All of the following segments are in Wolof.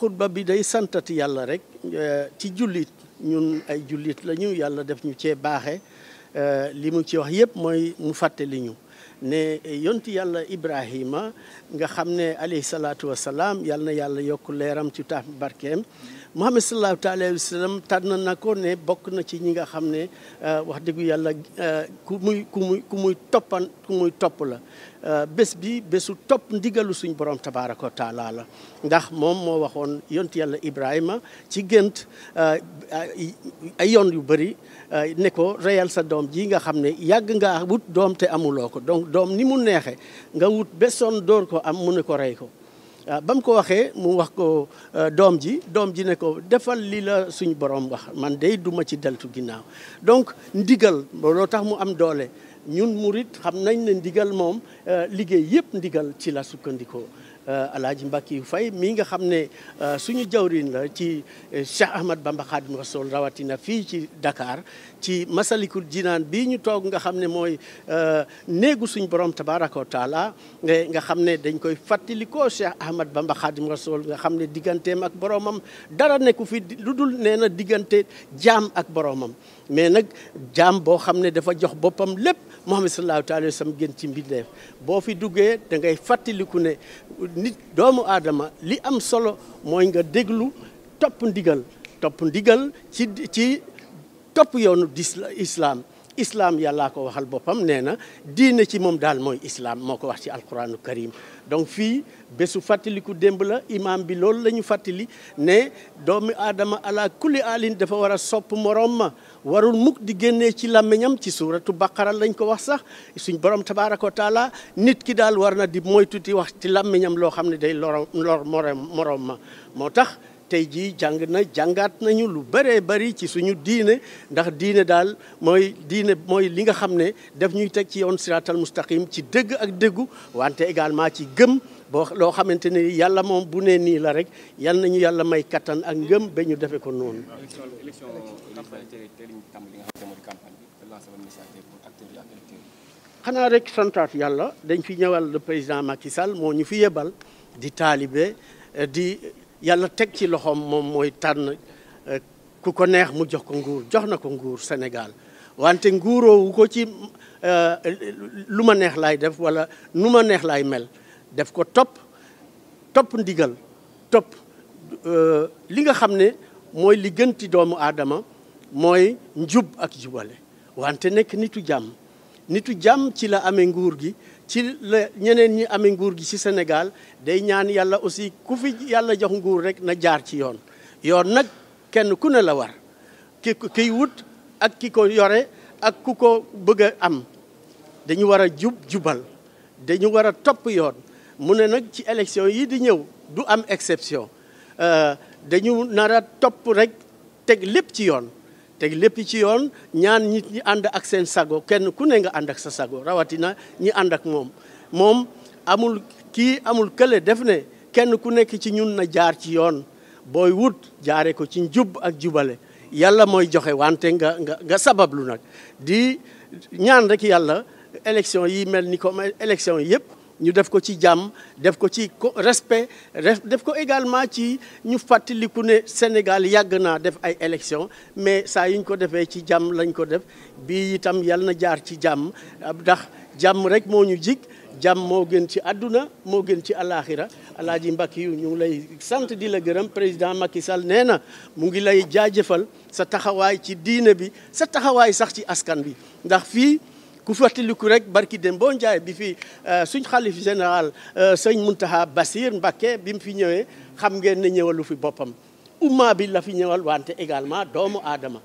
xutba bi day santati yàlla rek eh, ci jullit ñun ay jullit lañu yàlla def ñu cee baaxe eh, li mu ci wax yépp mooy mu fàttali ñu ne yonti yàlla Ibrahima nga xam ne alayhi salaatu wa salaam yal na yàlla yokk leeram ci tax barkeem Muhammad sallallahu taala alayhi wa sallam tànn na ko ne bokk na ci ñi nga xam ne euh, wax dëggu yàlla euh, ku muy ku muy muy toppan muy topp la. Euh, bés bi bésu topp ndigalu suñ borom tabaaraka wa taala la ndax moom moo waxoon yonti yàlla Ibrahima ci gént ay yoon yu bëri ne ko reyal sa doom ji nga xam ne yàgg ngaa wut doom te amuloo ko donc. doom ni mu neexe nga wut besoon dóor ko am mu ne ko rey ko waaw ah, ba mu ko waxee mu wax ko ah, doom ji doom ji ne ko defal li la suñu borom wax man dey duma ci deltu ginnaaw donc ndigal looloo tax mu am doole ñun murit xam nañ ne ndigal moom ah, liggéey yëpp ndigal ci la sukkandikoo Euh, alaaji Mbackiou fay mii nga xam ne euh, suñu jawrin la ci euh, Cheikh Ahmad Bamba Khadim Rasoul rawatina fii ci dakaar ci Masalikul Jinaan bii ñu toog nga xam ne mooy néegu suñu borom tabaraka wa nga xam ne dañ koy fàttalikoo Cheikh Ahmad Bamba Khadim Rasoul nga xam ne digganteem ak boromam dara nekku fi lu dul nee na diggante jaam ak boromam mais nag jaam boo xam ne dafa jox boppam lépp Muhammad sallallahu alayhi wa sallam gën ci mbindeef boo fi duggee da fàttaliku ne nit doomu aadama li am solo mooy nga déglu topp ndigal topp ndigal ci ci topp yoonu di islaam islaam yàllaa ko waxal boppam nee na diine ci moom daal mooy islaam moo ko wax ci alquranu karim donc fii bésu fàttaliku démb la imaam bi loolu la ñu fàttali ne doomu aadama ala kulli alin dafa war a sopp moroom ma warul mukk di génnee ci làmmiñam ci suuratu baqara lañ ko wax sax suñ borom tabaaraka wa taala nit ki daal war na di moytu di wax ci làmmiñam loo xam ne day lor lor moroom ma moo tax tey jii jàng na jàngaat nañu lu bëree bari ci suñu diine ndax diine daal mooy diine mooy li nga xam ne daf ñuy teg ci yoon siraatal mustaqim ci dëgg ak dëggu wante également ci gëm boo loo xamante ne yàlla moom bu ne nii la rek yal nañu yàlla may kattan ak ngëm ba ñu defee ko noonu. xanaa rek santaat yàlla dañ fi ñëwal le président Macky Sall moo ñu fi yebal di taalibe di. yàlla teg ci loxoom moom mooy tànn euh, ku ko neex mu jox ko nguur jox na ko nguur senegal wante nguuroowu ko ci euh, lu ma neex laay def wala nu ma neex laay mel def ko topp topp ndigal topp euh, li nga xam ne mooy li gën ci doomu aadama mooy njub ak jubale wante nekk nitu jàmm nitu jàmm ci la amee nguur gi ci la ñeneen ñi amee nguur gi ci Sénégal day ñaan yàlla aussi ku fi yàlla jox nguur rek na jaar ci yoon yoon nag kenn ku ne la war ki wut ak ki ko yore ak ku ko bëgg a am dañu war a jub jubal dañu war a topp yoon mu ne nag ci élection yi di ñëw du am exception euh, dañu nar a topp rek teg lépp ci yoon teg lépp ci yoon ñaan nit ñi ànd ak seen sago kenn ku ne nga ànd ak sa sago rawatina ñi ànd ak moom moom amul kii amul kële def ne kenn ku nekk ci ñun na jaar ci yoon booy wut jaare ko ci njub ak jubale yàlla mooy joxe wante nga nga nga sabablu nag di ñaan rek yàlla élection yi mel ni comme élection yëpp ñu def ko ci jàmm def ko ci respect def ko également ci ñu fàttaliku ne Sénégal yàgg naa def ay élections mais saa yiñ ko defee ci jàmm lañ ko def bii itam yàlla na jaar ci jàmm ndax jàmm rek moo ñu jig jàmm moo gën ci àdduna moo gën ci alaaxira alaaji Mbàkke yu ñu lay sant di la gërëm président Macky Sall nee na mu ngi lay jaajëfal sa taxawaay ci diine bi sa taxawaay sax ci askan bi ndax fii ku fàttaliku rek barki dem boo njaay bi fi euh, suñ xalif général euh, sëñ Muntaxa Basir Mbakke bi mu fi ñëwee xam ngeen ne ñëwalu fi boppam umma bi la fi ñëwal wante également doomu aadama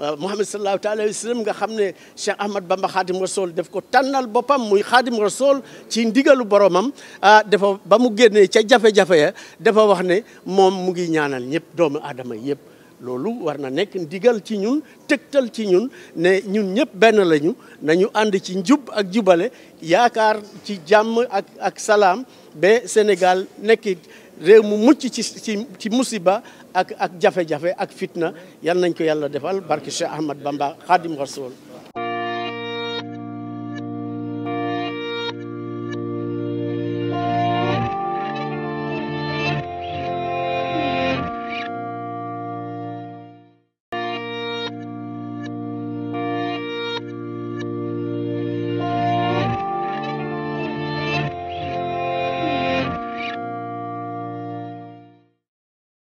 euh, Muhammad sallallahu taala alayhi wa nga xam ne Cheikh Ahmad Bamba Xaadim Rasool def ko tànnal boppam muy Xaadim Rasool ci ndigalu boromam ah dafa ba mu génnee ca jafe-jafe ya dafa wax ne moom mu ngi ñaanal ñëpp doomu aadama yëpp loolu war na nekk ndigal ci ñun tegtal ci ñun ne ñun ñëpp benn lañu nañu ànd ci njub ak jubale yaakaar ci jàmm ak ak salaam ba Sénégal nekk réew mu mucc ci ci ci musiba ak ak jafe-jafe ak fitna yal nañ ko yàlla defal barke Cheikh Ahmad Bamba Khadim Rasoul